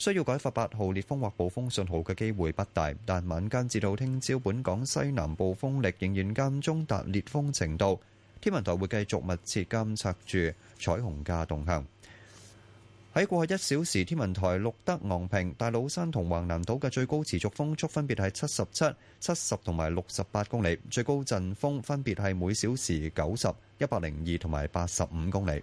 需要改發八號烈風或暴風信號嘅機會不大，但晚間至到聽朝本港西南部風力仍然間中達烈風程度。天文台會繼續密切監察住彩虹嘅動向。喺過去一小時，天文台錄得昂坪、大老山同橫瀾島嘅最高持續風速分別係七十七、七十同埋六十八公里，最高陣風分別係每小時九十、一百零二同埋八十五公里。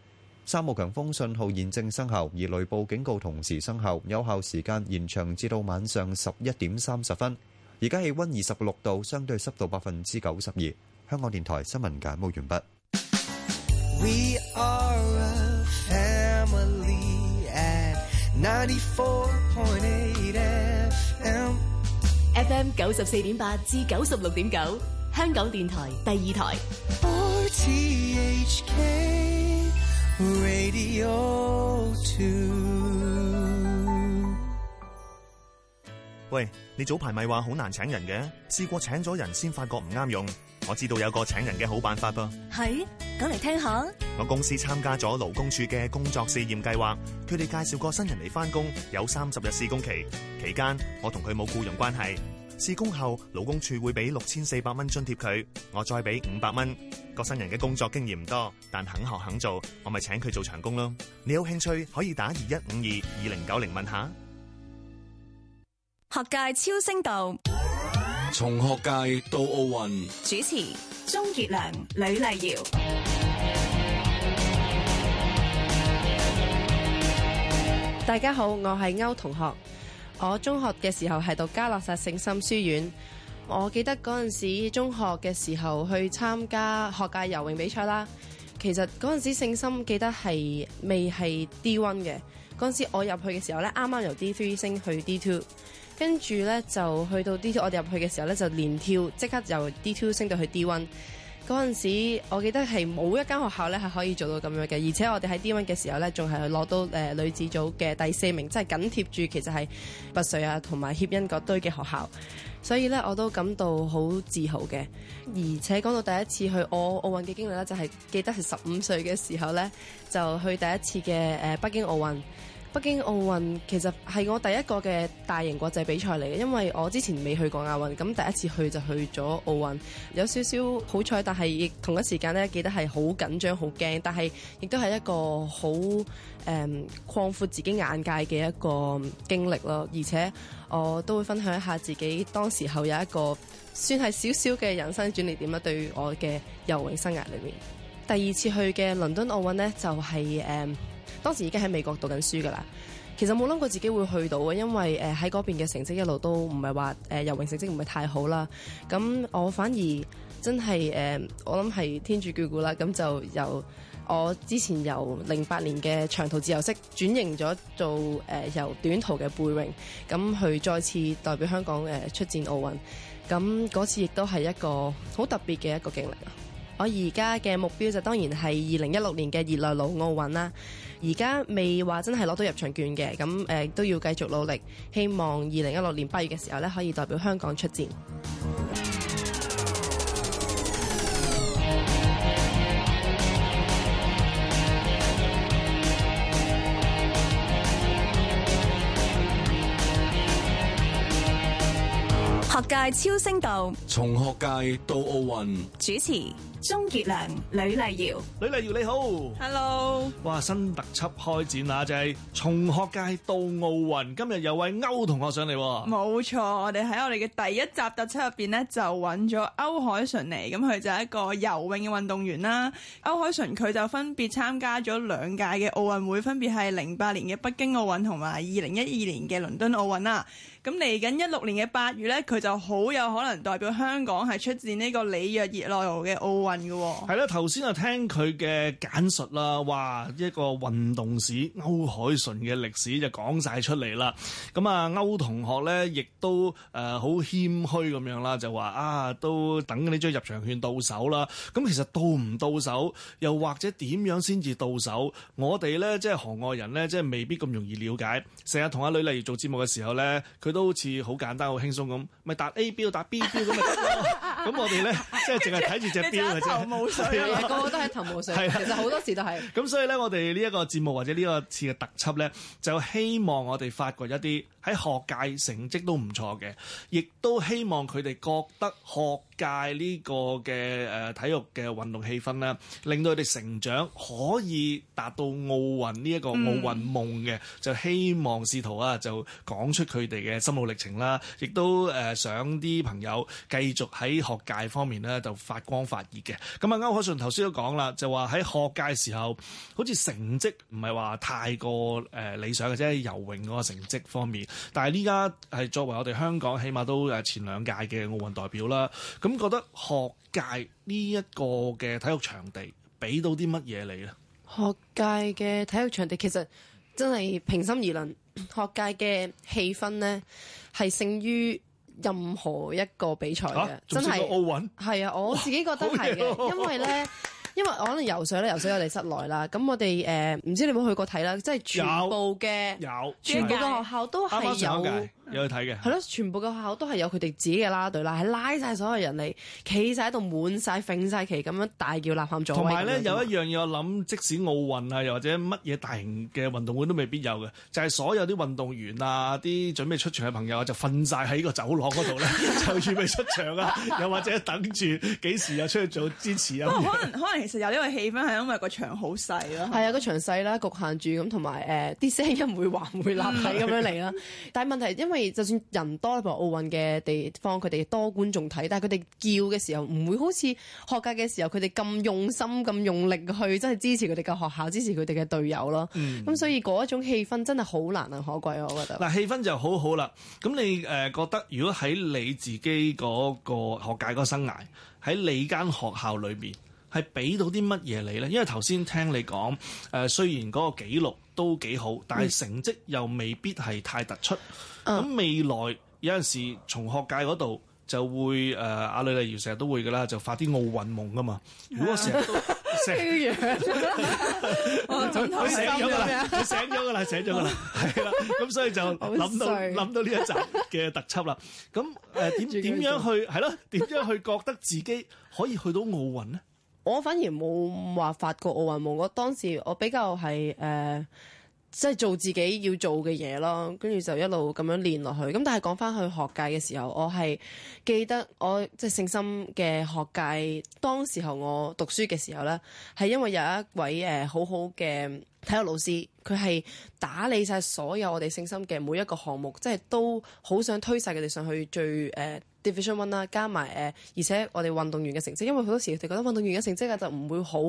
三號強風信號現正生效，而雷暴警告同時生效，有效時間延長至到晚上十一點三十分。而家氣溫二十六度，相對濕度百分之九十二。香港電台新聞簡報完畢。FM 九十四點八至九十六點九，香港電台第二台。Radio 2. 喂，你早排咪話好難請人嘅，試過請咗人先發覺唔啱用。我知道有個請人嘅好辦法噃。係，講嚟聽下。我公司參加咗勞工處嘅工作試驗計劃，佢哋介紹個新人嚟返工，有三十日試工期，期間我同佢冇僱傭關係。試工後，勞工處會俾六千四百蚊津貼佢，我再俾五百蚊。個新人嘅工作經驗唔多，但肯學肯做，我咪請佢做長工咯。你有興趣可以打二一五二二零九零問下。學界超聲道，從學界到奧運。主持：鍾傑良、呂麗瑤。大家好，我係歐同學。我中學嘅時候係讀嘉諾撒聖心書院，我記得嗰陣時中學嘅時候去參加學界游泳比賽啦。其實嗰陣時聖心記得係未係 D1 嘅，嗰陣時我入去嘅時候呢，啱啱由 D3 升去 D2，跟住呢，就去到 D2，我哋入去嘅時候呢，就連跳，即刻由 D2 升到去 D1。嗰陣時，我記得係冇一間學校咧係可以做到咁樣嘅，而且我哋喺 D1 嘅時候咧，仲係去攞到誒、呃、女子組嘅第四名，即係緊貼住其實係拔萃啊同埋協恩嗰堆嘅學校，所以咧我都感到好自豪嘅。而且講到第一次去奧奧運嘅經歷咧，就係、是、記得係十五歲嘅時候咧，就去第一次嘅誒、呃、北京奧運。北京奧運其實係我第一個嘅大型國際比賽嚟嘅，因為我之前未去過亞運，咁第一次去就去咗奧運，有少少好彩，但係亦同一時間呢，記得係好緊張、好驚，但係亦都係一個好誒擴闊自己眼界嘅一個經歷咯。而且我都會分享一下自己當時候有一個算係少少嘅人生轉捩點啦，對於我嘅游泳生涯裏面，第二次去嘅倫敦奧運呢，就係、是、誒。嗯當時已經喺美國讀緊書㗎啦，其實冇諗過自己會去到啊，因為誒喺嗰邊嘅成績一路都唔係話誒游泳成績唔係太好啦，咁我反而真係誒、呃、我諗係天主眷顧啦，咁就由我之前由零八年嘅長途自由式轉型咗做誒由短途嘅背泳，咁去再次代表香港誒、呃、出戰奧運，咁嗰次亦都係一個好特別嘅一個經歷啊！我而家嘅目標就當然係二零一六年嘅熱內盧奧運啦，而家未話真係攞到入場券嘅，咁誒、呃、都要繼續努力，希望二零一六年八月嘅時候咧可以代表香港出戰。界超聲道，從學界到奧運，主持鍾傑良、呂麗瑤、呂麗瑤你好，Hello，哇新特輯開展啊，就係、是、從學界到奧運，今日有位歐同學上嚟。冇錯，我哋喺我哋嘅第一集特輯入邊咧就揾咗歐鎧淳嚟，咁佢就係一個游泳嘅運動員啦，歐鎧淳佢就分別參加咗兩屆嘅奧運會，分別係零八年嘅北京奧運同埋二零一二年嘅倫敦奧運啦。咁嚟緊一六年嘅八月咧，佢就好有可能代表香港係出戰呢個里約熱內盧嘅奧運嘅喎。係啦，頭先啊聽佢嘅簡述啦，哇一個運動史歐鎧淳嘅歷史就講曬出嚟啦。咁啊歐同學咧，亦都誒好謙虛咁樣啦，就話啊都等呢張入場券到手啦。咁其實到唔到手，又或者點樣先至到手，我哋咧即係行外人咧，即係未必咁容易瞭解。成日同阿女例如做節目嘅時候咧，佢。都好似好簡單、好輕鬆咁，咪打 A 標、打 B 標咁 咪得囉！咁我哋咧，即係淨係睇住隻標嘅啫，個個都係頭冇水，其實好多時都係。咁 所以咧，我哋呢一個節目或者呢個次嘅特輯咧，就希望我哋發掘一啲，喺學界成績都唔錯嘅，亦都希望佢哋覺得學界呢個嘅誒體育嘅運動氣氛咧，令到佢哋成長可以達到奧運呢一個奧運夢嘅，嗯、就希望試圖啊，就講出佢哋嘅心路歷程啦，亦都誒想啲朋友繼續喺學界方面咧就發光發熱嘅。咁啊，歐鎧淳頭先都講啦，就話喺學界時候好似成績唔係話太過誒理想嘅啫，游泳嗰個成績方面。但係呢家係作為我哋香港起碼都誒前兩屆嘅奧運代表啦，咁覺得學界呢一個嘅體育場地俾到啲乜嘢你咧？學界嘅體育場地其實真係平心而論，學界嘅氣氛呢係勝於任何一個比賽嘅，啊、真係的奧運係啊！我自己覺得係嘅，哦、因為呢。 因為我可能游水咧，游水我哋室內啦。咁 我哋誒唔知你有冇去過睇啦，即係全部嘅，有有全部嘅學校都係有。有去睇嘅，係咯，全部嘅學校都係有佢哋自己嘅拉隊啦，係拉晒所有人嚟，企晒喺度，滿晒，揈曬旗咁樣大叫吶喊做。同埋咧有一樣嘢我諗，即使奧運啊，又或者乜嘢大型嘅運動會都未必有嘅，就係、是、所有啲運動員啊，啲準備出場嘅朋友就瞓晒喺個走廊嗰度咧， 就預備出場啊， 又或者等住幾時又出去做支持啊。 可能可能其實有呢個氣氛係因為個場好細咯。係啊， 個場細啦，局限住咁，同埋誒啲聲音會還會立體咁樣嚟啦。 但係問題因為。就算人多，譬如奧運嘅地方，佢哋多觀眾睇，但係佢哋叫嘅時候，唔會好似學界嘅時候，佢哋咁用心、咁用力去，真係支持佢哋嘅學校、支持佢哋嘅隊友咯。咁、嗯、所以嗰一種氣氛真係好難能可貴，我覺得。嗱、嗯，氣氛就好好啦。咁你誒、呃、覺得，如果喺你自己嗰個學界嗰個生涯，喺你間學校裏面。係俾到啲乜嘢你咧？因為頭先聽你講，誒、呃、雖然嗰個記錄都幾好，但係成績又未必係太突出。咁、嗯、未來有陣時，從學界嗰度就會誒，阿、呃、呂麗瑤成日都會嘅啦，就發啲奧運夢啊嘛。如果成日、啊、醒咗嘅啦，醒咗嘅啦，醒咗嘅啦，係啦。咁所以就諗到諗到呢一集嘅特輯啦。咁誒點點樣去係咯？點樣去覺得自己可以去到奧運咧？我反而冇話發過奧運夢，我當時我比較係誒，即、呃、係、就是、做自己要做嘅嘢咯，跟住就一路咁樣練落去。咁但係講返去學界嘅時候，我係記得我即係、就是、聖心嘅學界，當時候我讀書嘅時候呢，係因為有一位誒、呃、好好嘅體育老師，佢係打理晒所有我哋聖心嘅每一個項目，即、就、係、是、都好想推晒佢哋上去最誒。呃 Division one 啦，加埋誒，而且我哋運動員嘅成績，因為好多時佢哋覺得運動員嘅成績啊就唔會好，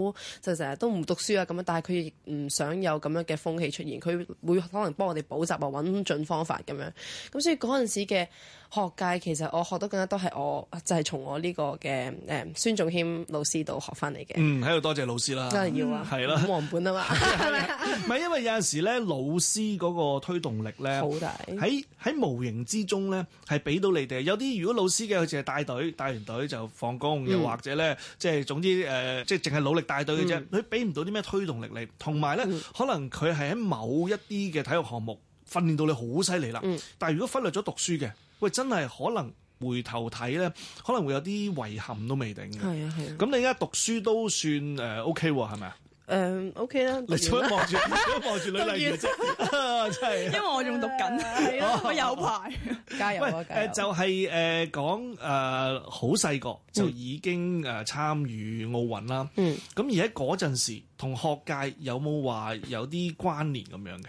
就成日都唔讀書啊咁樣，但係佢亦唔想有咁樣嘅風氣出現，佢會可能幫我哋補習啊，揾盡方法咁樣，咁所以嗰陣時嘅。學界其實我學得更加多係我就係從我呢個嘅誒孫仲謙老師度學翻嚟嘅。嗯，喺度多謝老師啦。真係要啊，係啦，黃本啊嘛，係咪？唔係因為有陣時咧，老師嗰個推動力咧，好大。喺喺無形之中咧係俾到你哋。有啲如果老師嘅佢淨係帶隊，帶完隊就放工，又或者咧即係總之誒，即係淨係努力帶隊嘅啫，佢俾唔到啲咩推動力嚟。同埋咧，可能佢係喺某一啲嘅體育項目訓練到你好犀利啦。但係如果忽略咗讀書嘅。喂，真係可能回頭睇咧，可能會有啲遺憾都未定嘅。係啊，係啊。咁你而家讀書都算誒、呃、OK 喎，係咪啊？誒 OK 啦。你做乜望住？望住女嚟啫？真係。然 更然 因為我仲讀緊，我有排 加油啊！加油呃、就係、是、誒、呃、講誒好細個就已經誒參與奧運啦。嗯。咁、嗯、而喺嗰陣時，同學界有冇話有啲關聯咁樣嘅？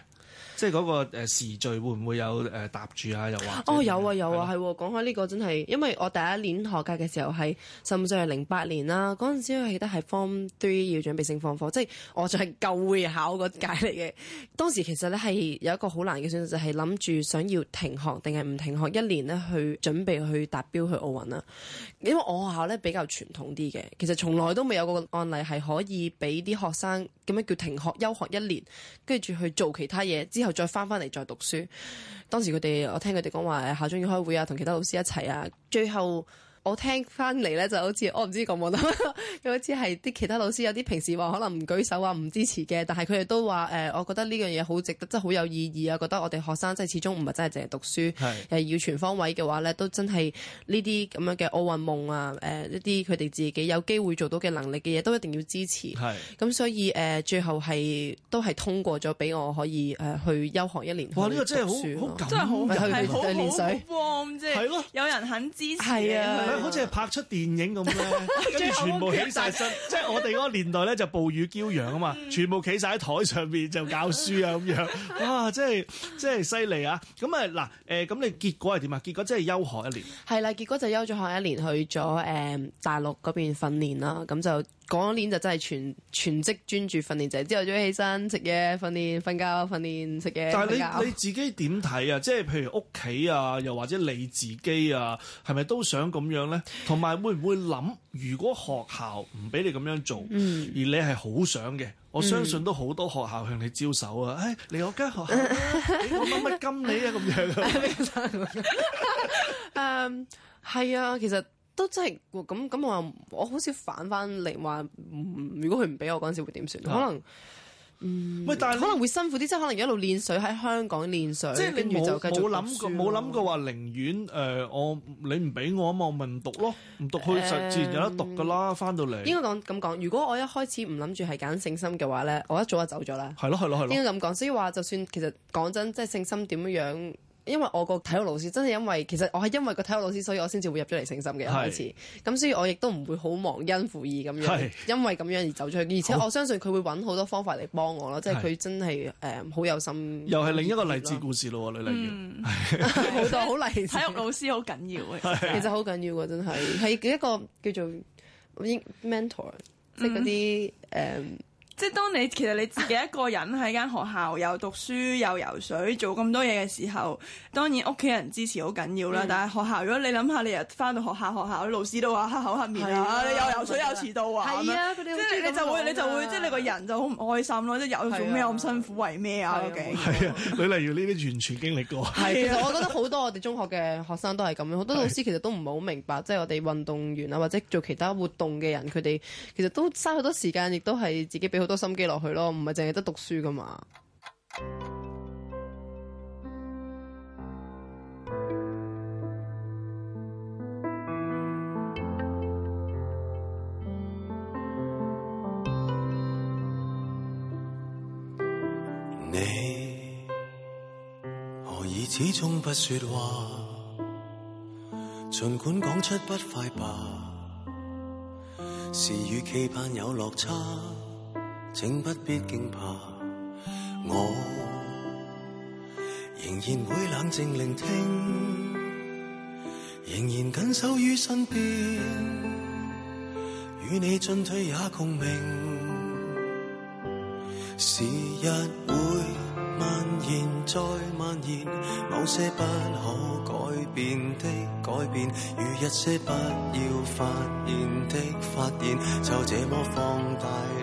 即係嗰個誒時序會唔會有誒搭住啊？又話哦，有啊有啊，係、啊，講開呢個真係因為我第一年學界嘅時候係甚至係零八年啦，陣時時我記得係 Form Three 要準備性放課，即係我就係舊會考嗰屆嚟嘅。當時其實咧係有一個好難嘅選擇就係諗住想要停學定係唔停學一年咧去準備去達標去奧運啦。因為我學校咧比較傳統啲嘅，其實從來都未有個案例係可以俾啲學生咁樣叫停學休學一年，跟住去做其他嘢之後。再返返嚟再讀書，當時佢哋我聽佢哋講話，校長要開會啊，同其他老師一齊啊，最後。我聽翻嚟咧就好似我唔知講冇啦，好似係啲其他老師有啲平時話可能唔舉手啊唔支持嘅，但係佢哋都話誒，我覺得呢樣嘢好值得，即係好有意義啊！覺得我哋學生即係始終唔係真係淨係讀書，要全方位嘅話咧，都真係呢啲咁樣嘅奧運夢啊，誒一啲佢哋自己有機會做到嘅能力嘅嘢都一定要支持。咁所以誒，最後係都係通過咗，俾我可以誒去休學一年。呢個真係好好真係好有人肯支持。係啊。好似係拍出電影咁樣，跟住 全部起晒身， 即係我哋嗰個年代咧就暴雨驕陽啊嘛， 全部企晒喺台上面就教書啊咁樣， 哇！即係即係犀利啊！咁啊嗱，誒咁你結果係點啊？結果即係休學一年，係啦，結果就休咗學一年，去咗誒大陸嗰邊訓練啦，咁就。嗰年就真係全全職專注訓練仔，朝頭早起身食嘢，訓練、瞓覺、訓練、食嘢。但係你覺你自己點睇啊？即係譬如屋企啊，又或者你自己啊，係咪都想咁樣咧？同埋會唔會諗，如果學校唔俾你咁樣做，嗯、而你係好想嘅，我相信都好多學校向你招手啊！誒、嗯、嚟、哎、我間學校、啊 欸、我乜乜金你啊咁樣。誒，係啊，其實。都真係咁咁，我我好似反翻嚟話，如果佢唔俾我嗰陣時會，會點算？可能，嗯，喂，但係可能會辛苦啲，即係可能一路練水喺香港練水。即係你冇冇諗過冇諗過話，寧願誒我你唔俾我啊嘛，我咪唔讀咯，唔、嗯、讀佢就自然有得讀噶啦，翻到嚟、嗯。應該講咁講，如果我一開始唔諗住係揀聖心嘅話咧，我一早就走咗啦。係咯係咯係咯。應該咁講，所以話就算其實講真，即係聖心點樣樣。因為我個體育老師真係因為，其實我係因為個體育老師，所以我先至會入咗嚟誠心嘅開始。咁所以我亦都唔會好忘恩負義咁樣，因為咁樣而走出去。而且我相信佢會揾好多方法嚟幫我咯，即係佢真係誒好有心。又係另一個勵志故事咯，你例如，好多好勵志。體育老師好緊要，其實好緊要嘅，真係係一個叫做 mentor，即係嗰啲誒。即係當你其實你自己一個人喺間學校又讀書又游水做咁多嘢嘅時候，當然屋企人支持好緊要啦。但係學校如果你諗下，你日翻到學校，學校啲老師都話黑口黑面，係啊，你又游水又遲到啊，係啊，即係你就會你就會即係你個人就好唔開心咯。即係有做咩咁辛苦為咩啊？究竟係啊，你例如呢啲完全經歷過。係，其實我覺得好多我哋中學嘅學生都係咁樣，好多老師其實都唔係好明白，即係我哋運動員啊或者做其他活動嘅人，佢哋其實都嘥好多時間，亦都係自己俾。好多心機落去咯，唔係淨係得讀書㗎嘛。你何以始終不説話？儘管講出不快吧，事與期盼有落差。請不必驚怕，我仍然會冷靜聆聽，仍然緊守於身邊，與你進退也共鳴，時日會蔓延再蔓延，某些不可改變的改變，與一些不要發現的發現，就這麼放大。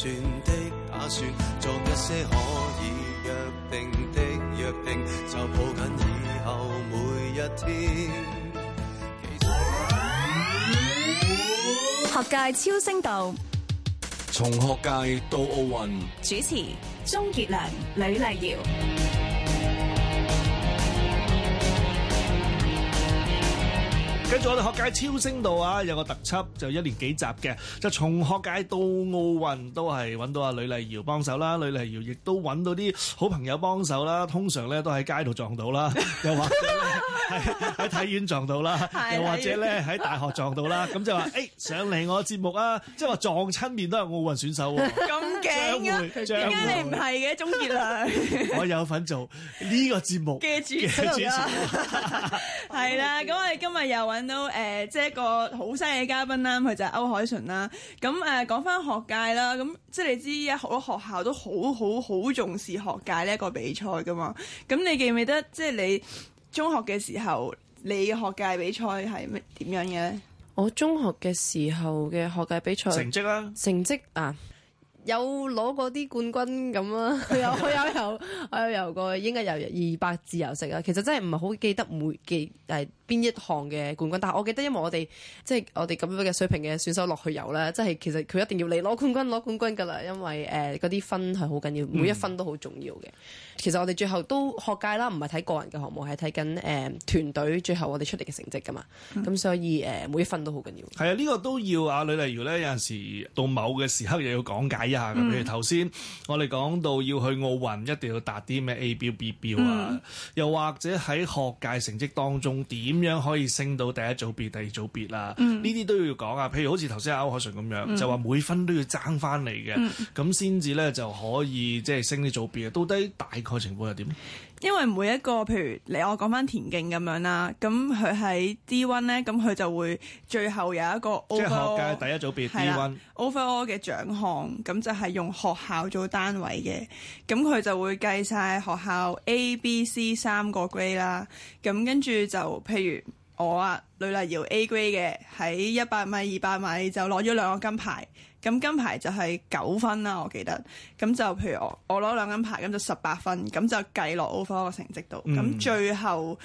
學界超聲道，從學界到奧運。主持：鍾傑良、呂麗瑤。跟住我哋學界超聲度啊，有個特輯就一連幾集嘅，就從學界到奧運都係揾到阿呂麗瑤幫手啦，呂麗瑤亦都揾到啲好朋友幫手啦，通常咧都喺街度撞到啦，又或者喺體院撞到啦，又或者咧喺大學撞到啦，咁就話誒上嚟我節目啊，即係話撞親面都係奧運選手喎，咁勁啊，點解你唔係嘅鍾傑良？我有份做呢個節目，主持咗，係啦，咁我哋今日又揾。到誒、嗯，即係一個好犀利嘅嘉賓啦，佢就係歐鎧淳啦。咁、嗯、誒，講、嗯、翻學界啦，咁、嗯、即係你知，好多學校都好好好重視學界呢一個比賽噶嘛。咁、嗯嗯嗯、你記唔記得，即係你中學嘅時候，你學界比賽係咩點樣嘅咧？我中學嘅時候嘅學界比賽成績啊？成績啊，有攞過啲冠軍咁啦、啊， 有有有，我有游過，應該游二百自由式啦。其實真係唔係好記得每記係。但邊一項嘅冠軍？但係我記得，因我、即係我即係，因為我哋即係我哋咁樣嘅水平嘅選手落去遊啦，即係其實佢一定要你攞冠軍，攞冠軍㗎啦，因為誒嗰啲分係好緊要，每一分都好重要嘅。嗯、其實我哋最後都學界啦，唔係睇個人嘅項目，係睇緊誒團隊最後我哋出嚟嘅成績㗎嘛。咁、嗯、所以誒、呃、每一分都好緊要。係啊，呢、呢個都要啊，呂麗瑤咧有陣時到某嘅時刻又要講解一下。譬、嗯、如頭先我哋講到要去奧運一定要達啲咩 A 標 B 標、嗯、啊，又或者喺學界成績當中點？咁樣可以升到第一組別、第二組別啦，呢啲、嗯、都要講啊。譬如好似頭先阿歐鎧淳咁樣，嗯、就話每分都要爭翻嚟嘅，咁先至咧就可以即係升呢組別。到底大概情況係點？因為每一個譬如你我講翻田徑咁樣啦，咁佢喺 D one 咧，咁佢就會最後有一個 overall，即係學界第一組別 D one overall 嘅獎項，咁就係用學校做單位嘅。咁佢就會計晒學校 A、B、C 三個 grade 啦。咁跟住就譬如我啊呂麗瑤 A grade 嘅喺一百米、二百米就攞咗兩個金牌。咁金牌就係九分啦，我記得。咁就譬如我我攞兩金牌，咁就十八分，咁就計落 O v e r e 成績度。咁、嗯、最後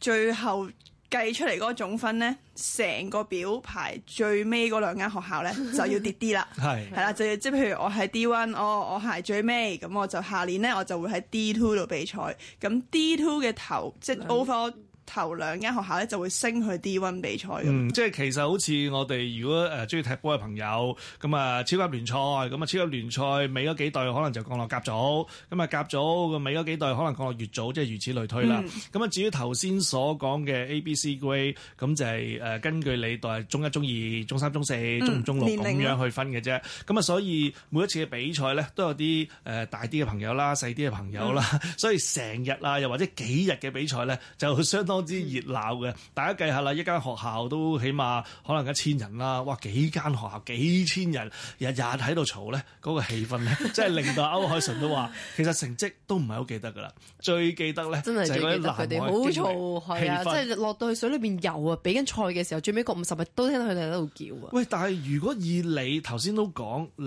最後計出嚟嗰個分呢，成個表排最尾嗰兩間學校呢，就要跌啲啦。係係啦，就要即係譬如我係 D one，我我係最尾，咁我就下年呢，我就會喺 D two 度比賽。咁 D two 嘅頭即係、就是、O v e r 頭兩間學校咧，就會升去 D1 比賽嘅。即係其實好似我哋如果誒中意踢波嘅朋友，咁啊超級聯賽，咁啊超級聯賽尾嗰幾隊可能就降落甲組，咁啊甲組個尾嗰幾隊可能降落乙組，即係如此類推啦。咁啊至於頭先所講嘅 A、B、CGrade，咁就係誒根據你代中一、中二、中三、中四、中五、中六咁樣去分嘅啫。咁啊所以每一次嘅比賽咧，都有啲誒大啲嘅朋友啦、細啲嘅朋友啦，所以成日啊又或者幾日嘅比賽咧就會相當多之熱鬧嘅，嗯、大家計下啦，一間學校都起碼可能一千人啦。哇，幾間學校幾千人日日喺度嘈咧，嗰、那個氣氛咧，即係令到歐鎧淳都話， 其實成績都唔係好記得噶啦。最記得咧，真係最記得佢哋。好嘈嘅氣氛，即係落到去水裏邊游啊，比緊賽嘅時候，最尾嗰五十米都聽到佢哋喺度叫啊。喂，但係如果以你頭先都講你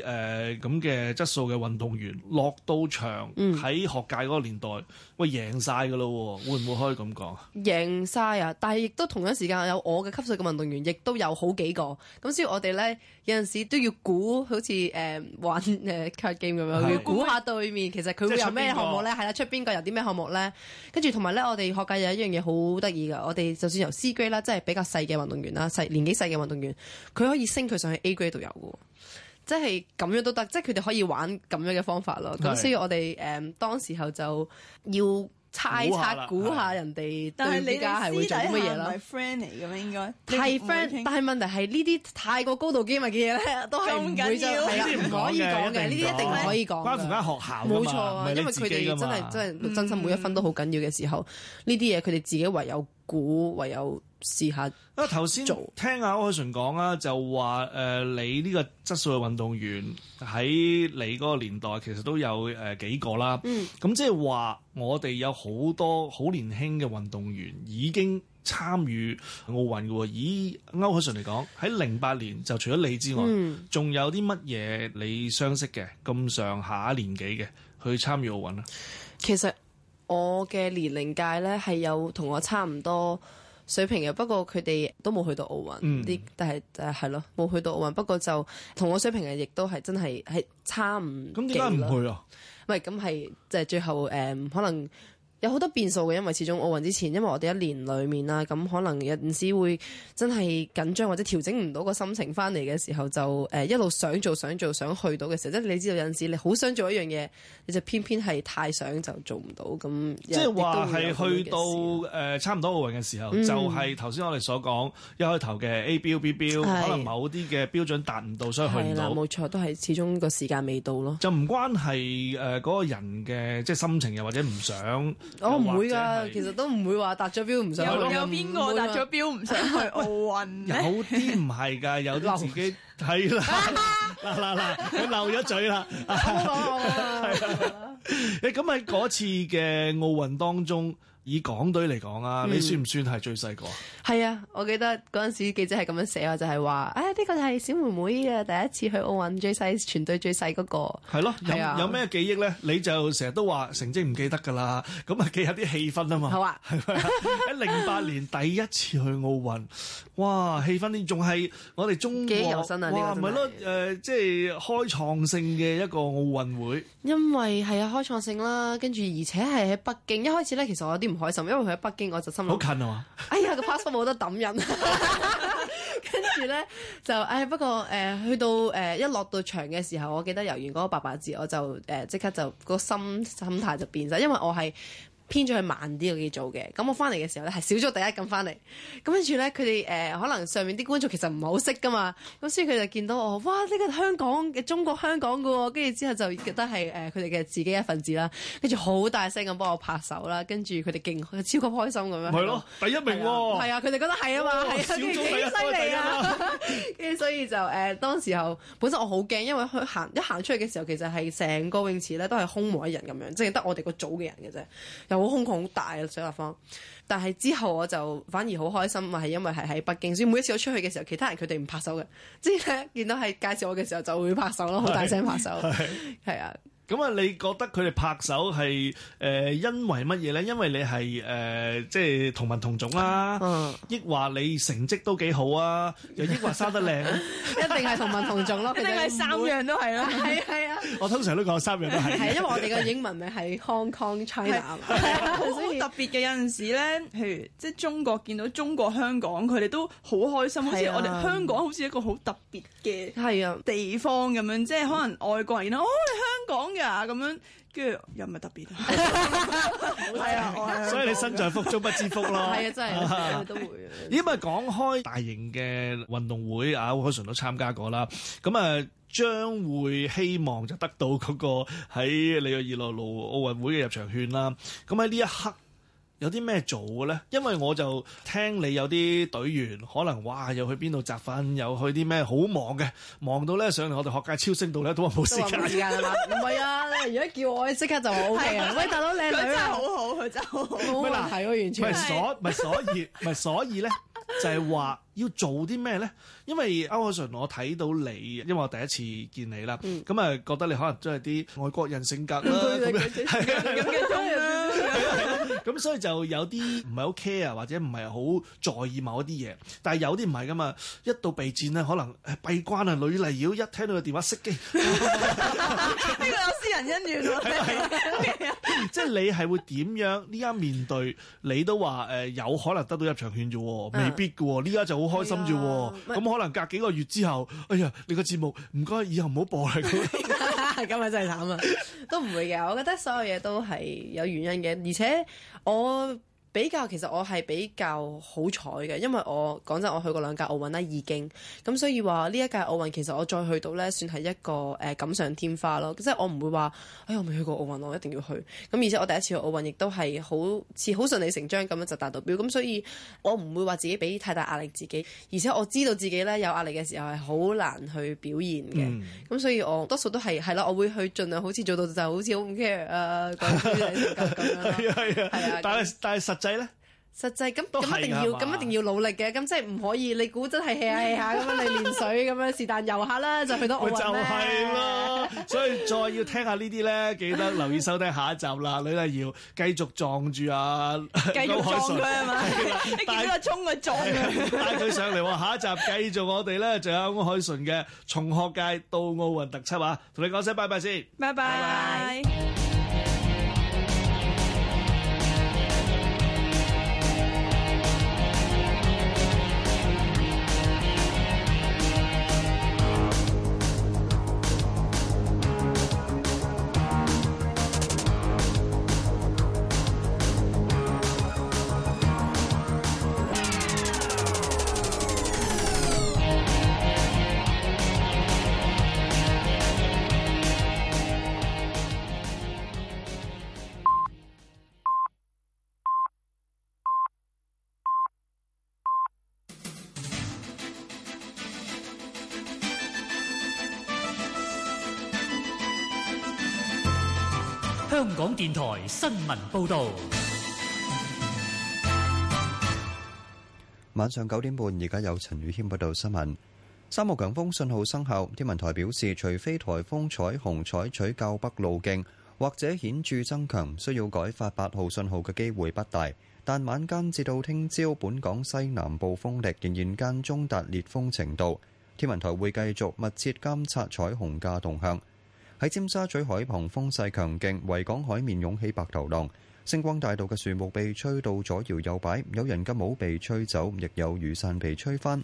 誒咁嘅質素嘅運動員，落到場喺學界嗰個年代。嗯喂，贏晒噶咯喎，會唔會可以咁講？贏晒啊！但係亦都同一時間有我嘅級數嘅運動員，亦都有好幾個。咁所以我哋咧有陣時都要估，好似誒、呃、玩誒 card game 咁樣，估是下對面其實佢即是 會有咩項目咧？係啦，出邊個有啲咩項目咧？跟住同埋咧，我哋學界有一樣嘢好得意㗎，我哋就算由 C grade 啦，即係比較細嘅運動員啦，細年紀細嘅運動員，佢可以升佢上去 A grade 度遊㗎。即係咁樣都得，即係佢哋可以玩咁樣嘅方法咯。咁所以我哋誒當時候就要猜測估下人哋對而家係會做乜嘢啦。係你哋私底下 friend 嚟㗎咩？應該係 friend，但係問題係呢啲太過高度機密嘅嘢咧，都係唔緊要，係唔可以講嘅呢啲一定唔可以講，關乎緊學校。冇錯，因為佢哋真係真係真心每一分都好緊要嘅時候，呢啲嘢佢哋自己唯有估，唯有。試下啊！頭先聽阿歐鎧淳講啊，就話誒、呃，你呢個質素嘅運動員喺你嗰個年代，其實都有誒、呃、幾個啦。嗯，咁即係話我哋有好多好年輕嘅運動員已經參與奧運噶。以歐鎧淳嚟講，喺零八年就除咗你之外，仲、嗯、有啲乜嘢你相識嘅咁上下一年紀嘅去參與奧運咧？其實我嘅年齡界呢，係有同我差唔多。水平嘅，不過佢哋都冇去到奧運啲，嗯、但係誒係咯，冇去到奧運。不過就同我水平嘅，亦都係真係係差唔多。咁點解唔去啊？唔係咁係，即係、就是、最後誒、呃，可能。有好多變數嘅，因為始終奧運之前，因為我哋一年裡面啦，咁可能有陣時會真係緊張，或者調整唔到個心情翻嚟嘅時候，就誒、呃、一路想做想做想去到嘅時候，即係你知道有陣時你好想做一樣嘢，你就偏偏係太想就做唔到咁。嗯、即係話係去到誒差唔多奧運嘅時候，嗯、就係頭先我哋所講一開頭嘅 A 標 B 標是，可能某啲嘅標準達唔到，所以去唔到。冇錯，都係始終個時間未到咯。就唔關係誒嗰個人嘅即係心情，又或者唔想。 我唔會噶，其實都唔會話達咗標唔想去。有有邊個達咗標唔想去奧運？有啲唔係㗎，有啲自己係啦，嗱嗱嗱，佢漏咗嘴啦。好啊，咁喺嗰次嘅奧運當中，以港隊嚟講啊，你算唔算係最細個？係啊，我記得嗰陣時記者係咁樣寫啊，就係話，唉，呢個係小妹妹嘅第一次去奧運，最細全隊最細嗰個。係咯，有有咩記憶咧？你就成日都話成績唔記得㗎啦，咁啊記下啲氣氛啊嘛。好啊，係咪啊？喺零八年第一次去奧運，哇，氣氛啲仲係我哋中記憶猶新啊，唔係咯，誒，即係開創性嘅一個奧運會。因為係啊，開創性啦，跟住而且係喺北京。一開始咧，其實我有啲唔開心，因為佢喺北京，我就心好近啊嘛。哎呀，個 passport。冇得抌人， 跟住咧就唉、哎，不過誒、呃，去到誒、呃、一落到場嘅時候，我記得遊完嗰個八百字，我就誒即、呃、刻就、個心心態就變晒，因為我係。偏咗去慢啲嗰幾組嘅，咁我翻嚟嘅時候咧係少咗第一咁翻嚟，咁跟住咧佢哋誒可能上面啲觀眾其實唔係好識噶嘛，咁所以佢就見到我，哇呢個香港嘅中國香港噶喎、哦，跟住之後就覺得係誒佢哋嘅自己一份子啦，跟住好大聲咁幫我拍手啦，跟住佢哋勁超級開心咁樣。係咯，第一名喎。係啊，佢哋、啊啊、覺得係啊嘛，少犀利啊！跟住所以就誒、呃、當時候本身我好驚，因為去行一行出去嘅時候，其實係成個泳池咧都係空無一人咁樣，即係得我哋個組嘅人嘅啫。好空，好大啊！水立方。但係之後我就反而好開心啊係因為係喺北京，所以每一次我出去嘅時候，其他人佢哋唔拍手嘅，即係咧見到係介紹我嘅時候，就會拍手咯，好是的 大聲拍手，係啊。咁啊，你覺得佢哋拍手係誒因為乜嘢咧？因為你係誒即係同文同種啦，抑或你成績都幾好啊，又抑或生得靚？一定係同文同種咯，一定係三樣都係咯，係係啊！我通常都講三樣都係。因為我哋嘅英文咪係 Hong Kong China 啊嘛，好特別嘅，有陣時咧。譬如即係中國見到中國香港，佢哋都好開心，好似我哋香港好似一個好特別嘅地方咁樣，即係可能外國人咧，哦，你香港。咁樣，跟住又唔係特別，所以你身在福中不知福咯。係 啊，真係 都會。咦？咁啊，講開大型嘅運動會啊 Wilson 都參加過啦。咁啊，將會希望就得到嗰個喺里約熱內盧奧運會嘅入場券啦。咁喺呢一刻，有啲咩做嘅咧？因為我就聽你有啲隊員可能哇，又去邊度集訓，又去啲咩好忙嘅，忙到咧上嚟我哋學界超聲度咧都話冇時間啦。唔係啊，你如果叫我咧，即刻就 O K。喂，大佬靚女真係好好，佢真係冇問題喎。完全。咁咪所咪所以咪所以咧，就係話要做啲咩咧？因為歐鎧淳，我睇到你，因為我第一次見你啦。咁啊，覺得你可能真係啲外國人性格啦，咁所以就有啲唔係好 care 或者唔係好在意某一啲嘢，但係有啲唔係噶嘛，一到備戰咧，可能閉關啊，呂麗瑤一聽到個電話熄機，呢個有私人恩怨，即係你係會點樣？呢家面對你都話誒、呃、有可能得到入場券啫，未必噶喎，呢家就好開心啫，咁、啊嗯、可能隔幾個月之後，哎呀，你個節目唔該以後唔好播啦。 今日真係慘啊！ 都唔會嘅，我覺得所有嘢都係有原因嘅，而且我比較其實我係比較好彩嘅，因為我講真，我去過兩屆奧運啦，已經咁，所以話呢一屆奧運其實我再去到呢，算係一個誒錦、呃、上添花咯。即係我唔會話，哎呀，我未去過奧運，我一定要去。咁而且我第一次去奧運，亦都係好似好順理成章咁樣就達到標。咁所以，我唔會話自己俾太大壓力自己。而且我知道自己呢，有壓力嘅時候係好難去表現嘅。咁、嗯、所以我，我多數都係係啦，我會去盡量好似做到就好似好唔 care 啊，但係但係實際咁咁一定要咁一定要努力嘅，咁即係唔可以你估真係氣下氣下咁樣你練水咁樣，是但游下啦就去到奧運就係咯，所以再要聽下呢啲咧，記得留意收聽下一集啦。呂麗瑤繼續撞住阿歐鎧淳，你見到沖佢撞。帶佢上嚟，下一集繼續我哋咧，仲有歐鎧淳嘅從學界到奧運特輯啊，同你講聲拜拜先。拜拜。電台新聞報道。晚上九點半，而家有陳宇謙報道新聞。三號強風信號生效，天文台表示，除非台風彩虹採取較北路徑或者顯著增強，需要改發八號信號嘅機會不大。但晚間至到聽朝，本港西南部風力仍然間中達烈風程度。天文台會繼續密切監察彩虹嘅動向。喺尖沙咀海旁風勢強勁，維港海面湧起白頭浪。星光大道嘅樹木被吹到左搖右擺，有人嘅帽被吹走，亦有雨傘被吹翻。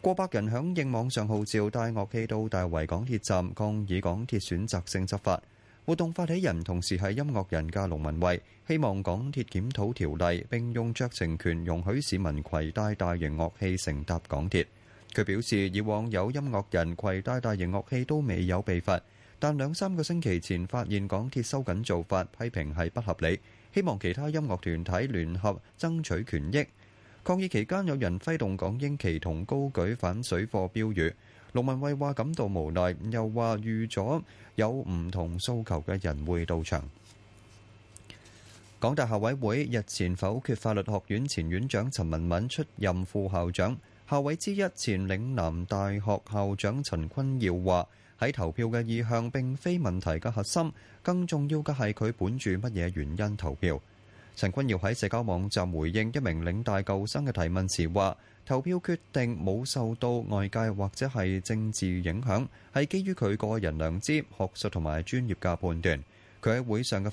過百人響應網上號召，帶樂器到大圍港鐵站抗議港鐵選擇性執法。活動發起人同時係音樂人嘅龍文慧，希望港鐵檢討條例並用酌情權容許市民攜帶大型樂器乘搭港鐵。佢表示，以往有音樂人攜帶大型樂器都未有被罰，但兩三個星期前發現港鐵收緊做法，批評係不合理。希望其他音樂團體聯合爭取權益。抗議期間有人揮動港英旗同高舉反水貨標語。陸文慧話感到無奈，又話預咗有唔同訴求嘅人會到場。港大校委會日前否決法律學院前院長陳文敏出任副校長。校委之一，前嶺南大學校長陳坤耀話，喺投票嘅意向並非問題嘅核心，更重要嘅係佢本住乜嘢原因投票。陳坤耀喺社交網站回應一名領大舊生嘅提問時話，投票決定冇受到外界或者係政治影響，係基於佢個人良知、學術同埋專業嘅判斷，佢喺會上嘅